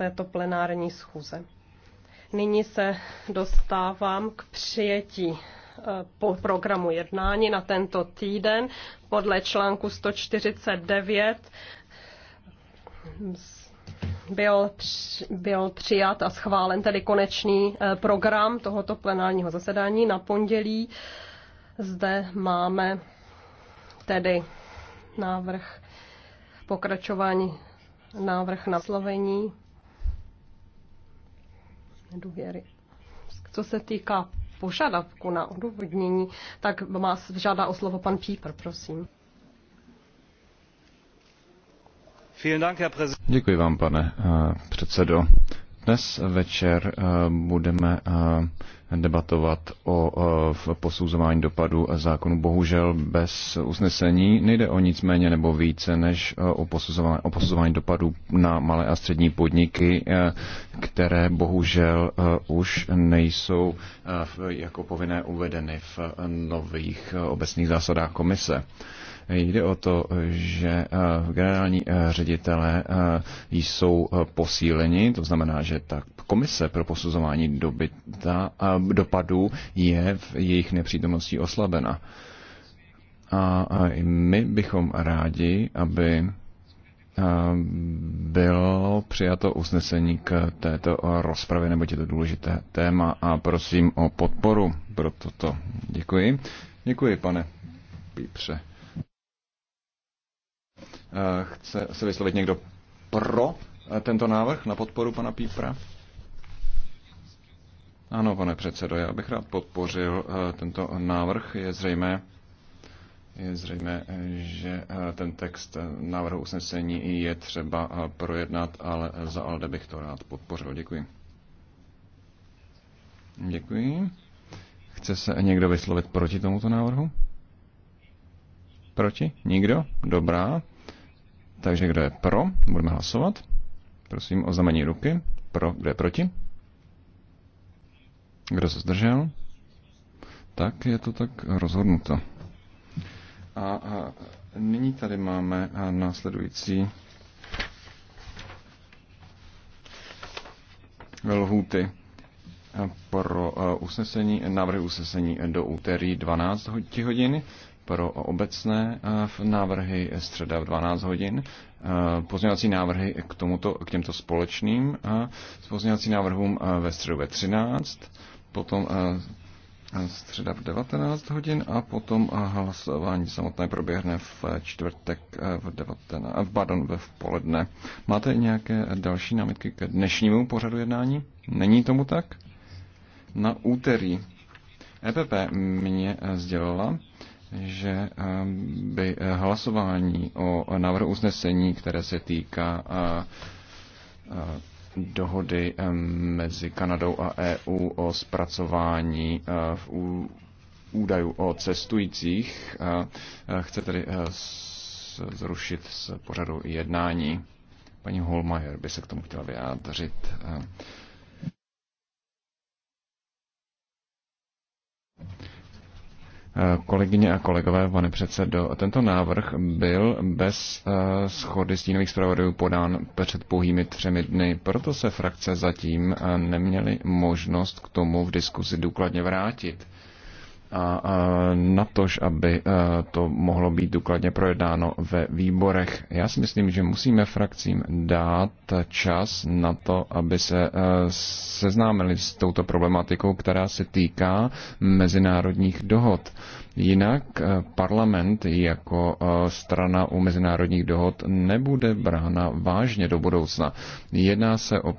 této plenární schůze. Nyní se dostávám k přijetí eh, po programu jednání na tento týden podle článku 149 byl, byl přijat a schválen tedy konečný eh, program tohoto plenárního zasedání na pondělí. Zde máme tedy návrh pokračování, návrh na slovení nedůvěry. Co se týká požadavku na odůvodnění, tak má žádá o slovo pan Píper, prosím. Děkuji vám, pane eh, předsedo. Dnes večer eh, budeme eh, debatovat o eh, posouzování dopadu zákonu. Bohužel bez usnesení nejde o nic méně nebo více než o posuzování, o posuzování dopadu na malé a střední podniky, které bohužel už nejsou jako povinné uvedeny v nových obecných zásadách komise. Jde o to, že eh, generální eh, ředitelé eh, jsou posíleni, to znamená, že ta komise pro posuzování dobyta, dopadů je v jejich nepřítomnosti oslabena. A my bychom rádi, aby bylo přijato usnesení k této rozpravě, neboť je to důležité téma a prosím o podporu pro toto. Děkuji. Děkuji, pane Pípře. Eh, chce se vyslovit někdo pro eh, tento návrh na podporu pana Pípra? Ano, pane předsedo, já bych rád podpořil eh, tento návrh. Je zřejmé, je zřejmé, že ten text návrhu usnesení je třeba projednat, ale za ALDE bych to rád podpořil. Děkuji. Děkuji. Chce se někdo vyslovit proti tomuto návrhu? Proti? Nikdo? Dobrá. Takže kdo je pro? Budeme hlasovat. Prosím o znamení ruky. Pro, kdo je proti? Kdo se zdržel? Tak je to tak rozhodnuto. A, a nyní tady máme a následující lhůty pro usnesení, návrhy usnesení do úterý 12 hodin pro obecné eh, návrhy středa v 12 hodin. Eh, pozměňovací návrhy k, tomuto, k těmto společným eh, s pozměňovací návrhům ve středu ve 13, potom středa v 19 hodin a potom hlasování samotné proběhne v čtvrtek v, 19, pardon, ve v poledne. Máte nějaké další námitky k dnešnímu pořadu jednání? Není tomu tak? Na úterý EPP mě sdělila, že ehm, by eh, hlasování o návrhu usnesení, které se týká eh, eh, dohody ehm, mezi Kanadou a EU o zpracování v údajů o cestujících, chce tedy zrušit z pořadu jednání. Paní Holmajer by se k tomu chtěla vyjádřit. Kolegyně a kolegové, pane předsedo, tento návrh byl bez eh, schody stínových zpravodajů podán před pouhými třemi dny, proto se frakce zatím eh, neměly možnost k tomu v diskusi důkladně vrátit a natož, aby e, to mohlo být důkladně projednáno ve výborech. Já si myslím, že musíme frakcím dát čas na to, aby se e, seznámili s touto problematikou, která se týká mezinárodních dohod. Jinak e, parlament jako strana u mezinárodních dohod nebude brána vážně do budoucna. Jedná se o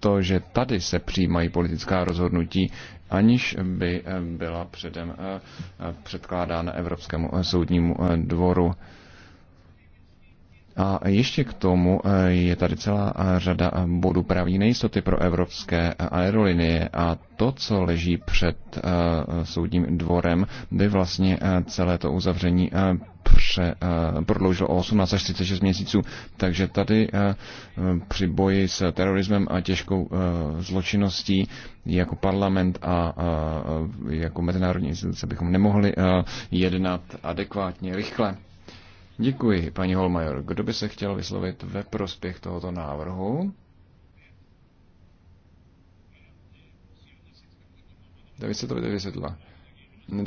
to, že tady se přijímají politická rozhodnutí, aniž by eh, byla předem eh, eh, předkládána Evropskému soudnímu dvoru. A ještě k tomu je tady celá řada bodů právní nejistoty pro evropské aerolinie a to, co leží před soudním dvorem, by vlastně celé to uzavření pře, eh, prodloužil o 18 až 36 měsíců. Takže tady eh, při boji s terorismem a těžkou eh, zločinností jako parlament a jako mezinárodní instituce bychom nemohli jednat adekvátně, rychle. Děkuji, paní Holmajor. Kdo by se chtěl vyslovit ve prospěch tohoto návrhu? David se to vysvětlila.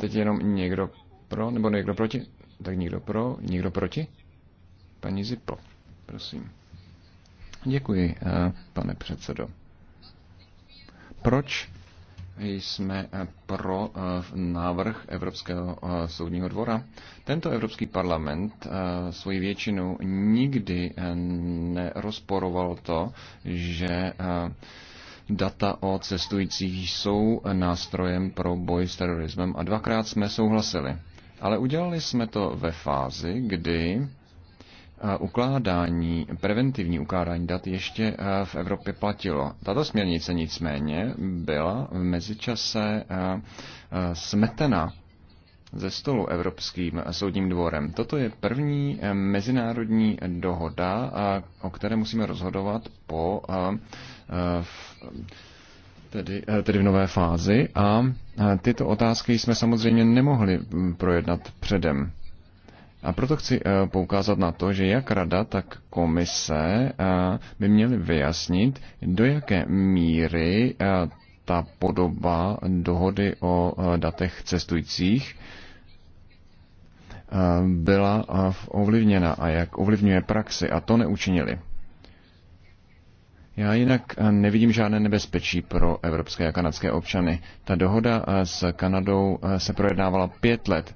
Teď jenom někdo pro nebo někdo proti? Tak někdo pro, někdo proti? Paní zipo, prosím. Děkuji, eh, pane předsedo. Proč jsme eh, pro eh, návrh Evropského soudního dvora. Tento Evropský parlament svoji většinu nikdy nerozporoval to, že data o cestujících jsou nástrojem pro boj s terorismem a dvakrát jsme souhlasili. Ale udělali jsme to ve fázi, kdy eh, ukládání, preventivní ukládání dat ještě eh, v Evropě platilo. Tato směrnice nicméně byla v mezičase eh, smetena ze stolu Evropským soudním dvorem. Toto je první mezinárodní dohoda, o které musíme rozhodovat po v tedy, eh, tedy v nové fázi a eh, tyto otázky jsme samozřejmě nemohli mm, projednat předem. A proto chci eh, poukázat na to, že jak rada, tak komise by měly vyjasnit, do jaké míry ta podoba dohody o datech cestujících byla ovlivněna a jak ovlivňuje praxi a to neučinili. Já jinak eh, nevidím žádné nebezpečí pro evropské a kanadské občany. Ta dohoda eh, s Kanadou eh, se projednávala pět let.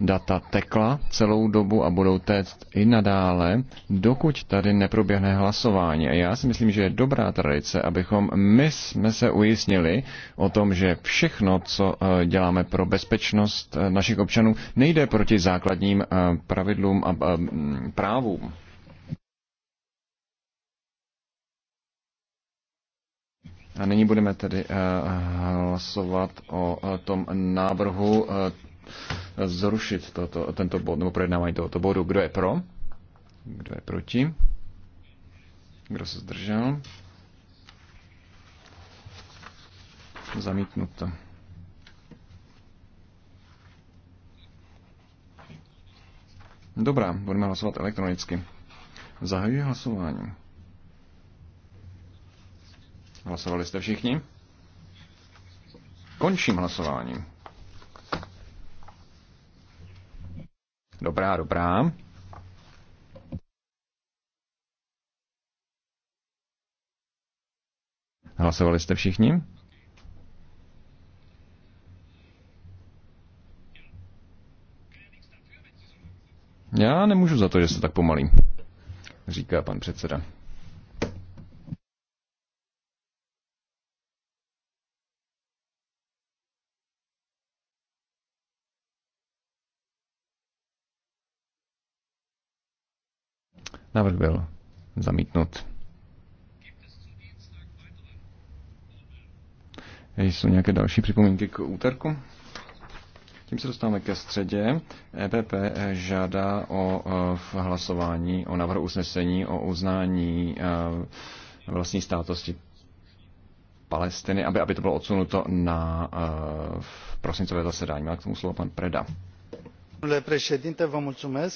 Data tekla celou dobu a budou téct i nadále, dokud tady neproběhne hlasování. A já si myslím, že je dobrá tradice, abychom my jsme se ujistnili o tom, že všechno, co děláme pro bezpečnost našich občanů, nejde proti základním pravidlům a právům. A nyní budeme tedy eh, hlasovat o eh, tom návrhu eh, zrušit toto, tento bod, nebo projednávání tohoto bodu. Kdo je pro? Kdo je proti? Kdo se zdržel? Zamítnuto. Dobrá, budeme hlasovat elektronicky. Zahajuji hlasování. Hlasovali jste všichni? Končím hlasování. Dobrá, dobrá. Hlasovali jste všichni? Já nemůžu za to, že se tak pomalím, říká pan předseda. Návrh byl zamítnut. Jsou nějaké další připomínky k úterku? Tím se dostáváme ke středě. EPP žádá o e, v hlasování o návrhu usnesení o uznání e, vlastní státosti Palestiny, aby, aby to bylo odsunuto na e, v prosincové zasedání. Má k tomu slovo pan Preda. Pane předsedo, vám děkuji.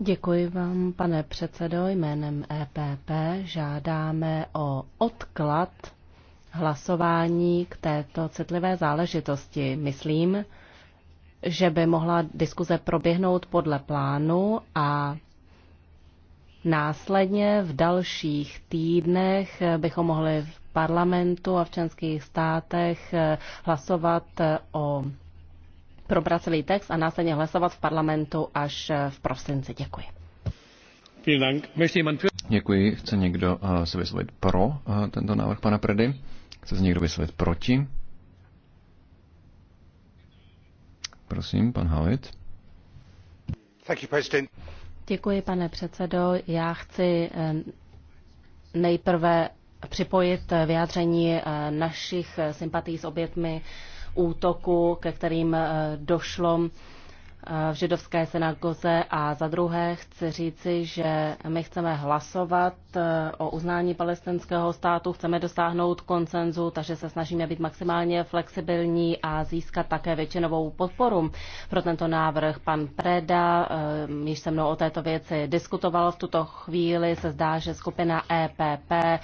Děkuji vám, pane předsedo. Jménem EPP žádáme o odklad hlasování k této citlivé záležitosti. Myslím, že by mohla diskuze proběhnout podle plánu a následně v dalších týdnech bychom mohli v parlamentu a v členských státech hlasovat o probrat celý text a následně hlasovat v parlamentu až eh, v prosinci. Děkuji. Děkuji. Chce někdo eh, se vyslovit pro eh, tento návrh pana Predy? Chce se někdo vyslovit proti? Prosím, pan Havit. Děkuji, pane předsedo. Já chci nejprve připojit vyjádření našich sympatí s obětmi útoku, ke kterým eh, došlo v židovské synagoze a za druhé chci říci, že my chceme hlasovat eh, o uznání palestinského státu, chceme dosáhnout koncenzu, takže se snažíme být maximálně flexibilní a získat také většinovou podporu pro tento návrh. Pan Preda, eh, již se mnou o této věci diskutoval v tuto chvíli, se zdá, že skupina EPP eh,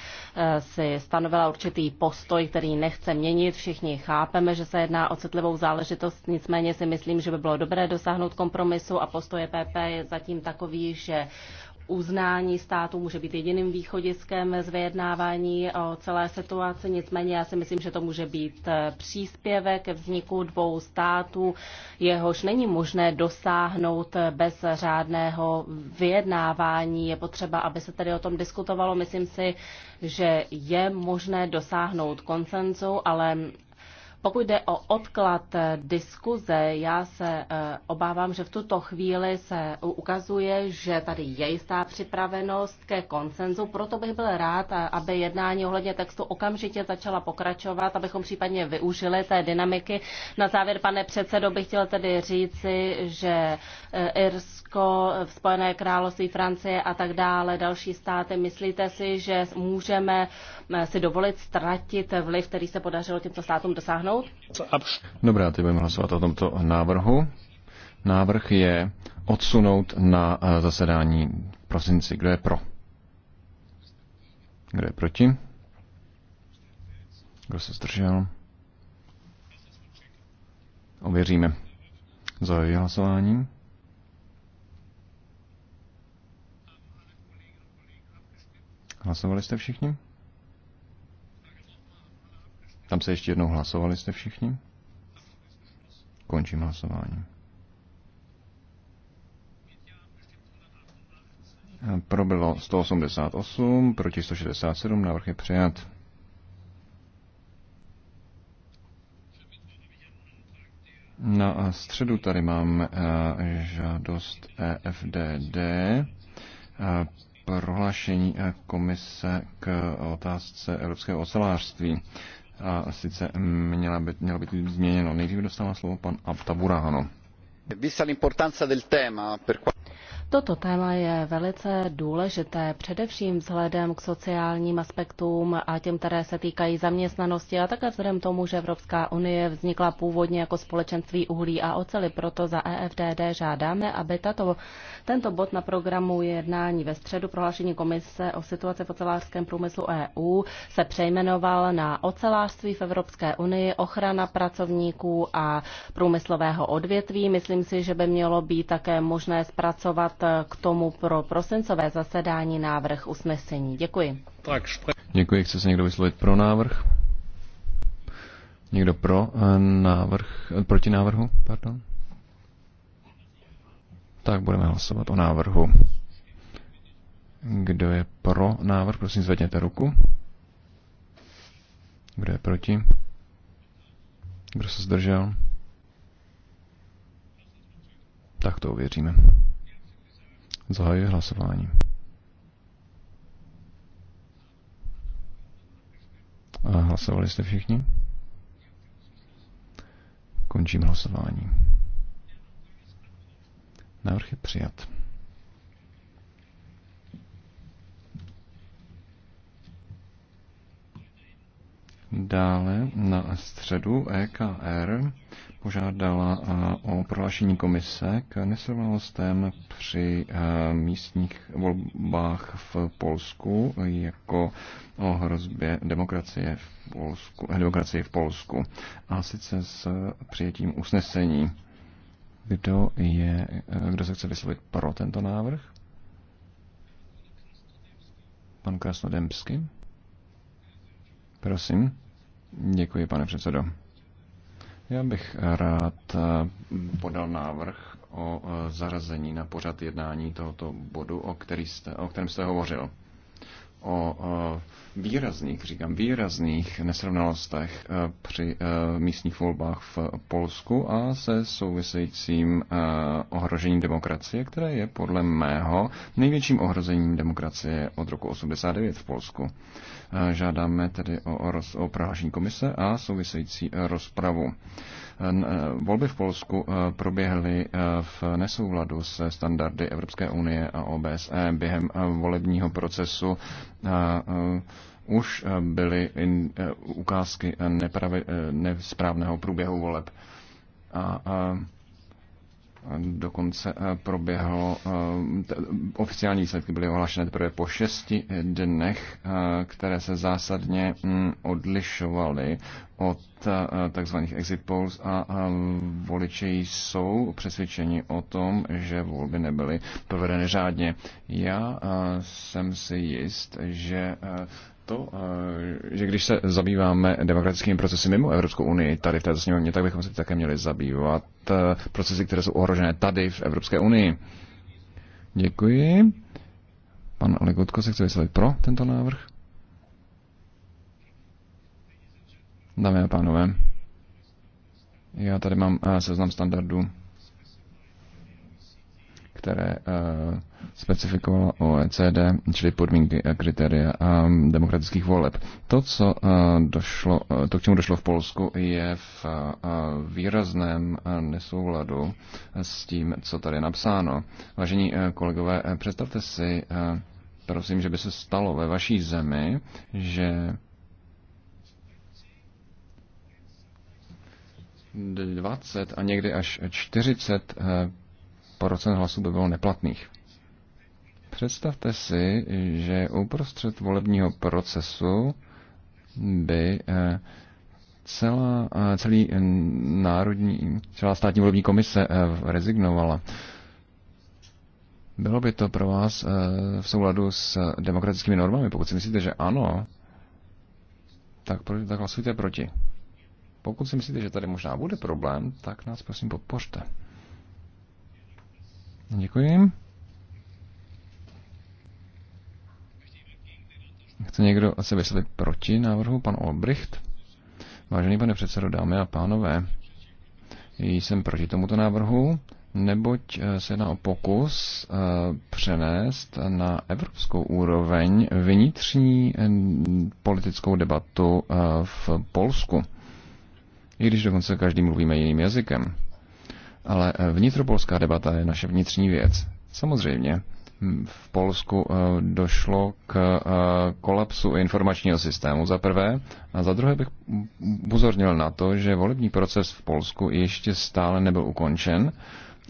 si stanovila určitý postoj, který nechce měnit. Všichni chápeme, že se jedná o citlivou záležitost, nicméně si myslím, že by bylo dobré dosáhnout dosáhnout kompromisu a postoje PP je zatím takový, že uznání státu může být jediným východiskem z vyjednávání o celé situaci. Nicméně já si myslím, že to může být eh, příspěvek ke vzniku dvou států, jehož není možné dosáhnout eh, bez řádného vyjednávání. Je potřeba, aby se tedy o tom diskutovalo. Myslím si, že je možné dosáhnout koncenzu, ale pokud jde o odklad eh, diskuze, já se eh, obávám, že v tuto chvíli se ukazuje, že tady je jistá připravenost ke konsenzu, proto bych byl rád, eh, aby jednání ohledně textu okamžitě začala pokračovat, abychom případně využili té dynamiky. Na závěr, pane předsedo, bych chtěl tedy říci, že Irsko, Spojené království, Francie a tak dále, další státy, myslíte si, že můžeme Eh, si dovolit ztratit vliv, který se podařilo těmto státům dosáhnout? Dobrá, teď budeme hlasovat o tomto návrhu. Návrh je odsunout na eh, zasedání v prosinci. Kdo je pro? Kdo je proti? Kdo se zdržel? Ověříme. Zahajuji hlasování. Hlasovali jste všichni? Tam se ještě jednou hlasovali jste všichni? Končím hlasování. Pro bylo 188, proti 167, návrh je přijat. Na středu tady mám eh, žádost EFDD, eh, prohlášení eh, komise k otázce evropského ocelářství a sice měla by, mělo by být změněno. Nejdříve dostává slovo pan Abtaburahano. Toto téma je velice důležité, především vzhledem k sociálním aspektům a těm, které se týkají zaměstnanosti a také vzhledem tomu, že Evropská unie vznikla původně jako společenství uhlí a oceli. Proto za EFDD žádáme, aby tato, tento bod na programu jednání ve středu prohlášení komise o situaci v ocelářském průmyslu EU se přejmenoval na ocelářství v Evropské unii, ochrana pracovníků a průmyslového odvětví. Myslím si, že by mělo být také možné zpracovat k tomu pro prosincové zasedání návrh usnesení. Děkuji. Děkuji. Chce se někdo vyslovit pro návrh? Někdo pro eh, návrh, eh, proti návrhu? Pardon. Tak budeme hlasovat o návrhu. Kdo je pro návrh, prosím zvedněte ruku. Kdo je proti? Kdo se zdržel? Tak to uvěříme. Zahajuji hlasování. A hlasovali jste všichni? Končím hlasování. Návrh je přijat. Dále na středu EKR požádala eh, o prohlášení komise k nesrovnalostem při eh, místních volbách v Polsku jako o hrozbě demokracie v Polsku, eh, demokracie v Polsku a sice s přijetím usnesení. Kdo, je, kdo se chce vyslovit pro tento návrh? Pan Krasnodemsky. Prosím. Děkuji, pane předsedo. Já bych rád eh, podal návrh o eh, zařazení na pořad jednání tohoto bodu, o, který jste, o kterém jste hovořil o výrazných, říkám výrazných nesrovnalostech e, při e, místních volbách v Polsku a se souvisejícím e, ohrožením demokracie, které je podle mého největším ohrozením demokracie od roku 89 v Polsku. Žádáme tedy o, o, o prohlášení komise a související rozpravu. Eh, volby v Polsku eh, proběhly eh, v nesouladu se standardy Evropské unie a OBSE během volebního procesu už byly ukázky nesprávného průběhu voleb. A, a dokonce eh, proběhlo, eh, oficiální výsledky byly ohlášeny teprve po šesti dnech, eh, které se zásadně hm, odlišovaly od tzv. exit polls a voliči jsou přesvědčeni o tom, že volby nebyly provedeny řádně. Já jsem si jist, že to, eh, že když se zabýváme demokratickými procesy mimo Evropskou unii, tady v této sněmovně, tak bychom se také měli zabývat eh, procesy, které jsou ohrožené tady v Evropské unii. Děkuji. Pan Legutko se chce vyslovit pro tento návrh. Dámy a pánové, já tady mám eh, seznam standardů které eh, specifikovala OECD, čili podmínky a kritéria a eh, demokratických voleb. To, co eh, došlo, to, k čemu došlo v Polsku, je v výrazném nesouladu s tím, co tady je napsáno. Vážení kolegové, představte si, prosím, že by se stalo ve vaší zemi, že 20 a někdy až 40 procent hlasů by bylo neplatných. Představte si, že uprostřed volebního procesu by eh, celá, eh, celý eh, národní, celá státní volební komise rezignovala. Bylo by to pro vás v souladu s demokratickými normami? Pokud si myslíte, že ano, tak, tak hlasujte proti. Pokud si myslíte, že tady možná bude problém, tak nás prosím podpořte. Děkuji. Chce někdo se vysvětlit proti návrhu? Pan Olbricht? Vážený pane předsedo, dámy a pánové, jsem proti tomuto návrhu, neboť eh, se jedná o pokus eh, přenést na evropskou úroveň vnitřní eh, politickou debatu v Polsku. I když dokonce každý mluvíme jiným jazykem. Ale eh, vnitropolská debata je naše vnitřní věc. Samozřejmě hm, v Polsku eh, došlo k eh, kolapsu informačního systému za prvé a za druhé bych upozornil na to, že volební proces v Polsku ještě stále nebyl ukončen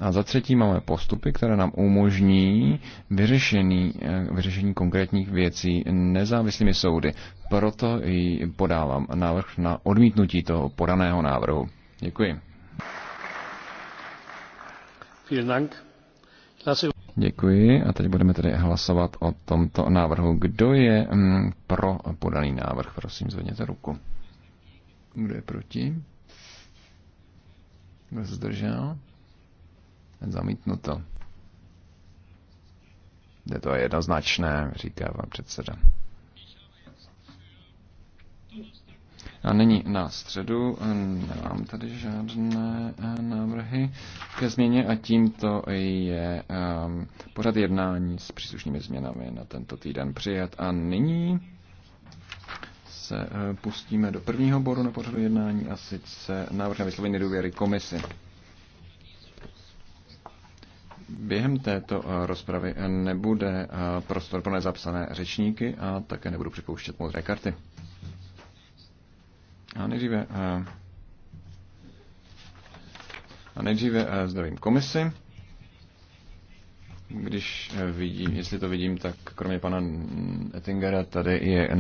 a za třetí máme postupy, které nám umožní vyřešení, vyřešení konkrétních věcí nezávislými soudy. Proto i podávám návrh na odmítnutí toho podaného návrhu. Děkuji. Děkuji a teď budeme tedy hlasovat o tomto návrhu. Kdo je mm, pro podaný návrh? Prosím, zvedněte ruku. Kdo je proti? Kdo se zdržel? Zamítnuto. Je to jednoznačné, říká vám předseda. A nyní na středu eh, nemám tady žádné eh, návrhy ke změně a tímto je um, pořad jednání s příslušnými změnami na tento týden přijat. A nyní se eh, pustíme do prvního bodu na pořadu jednání a sice návrh na vyslovení důvěry komisi. Během této rozpravy nebude prostor pro nezapsané řečníky a také nebudu připouštět modré karty. A nejdříve, eh, a nejdříve eh, zdravím komisi. Když eh, vidím, jestli to vidím, tak kromě pana Ettingera tady je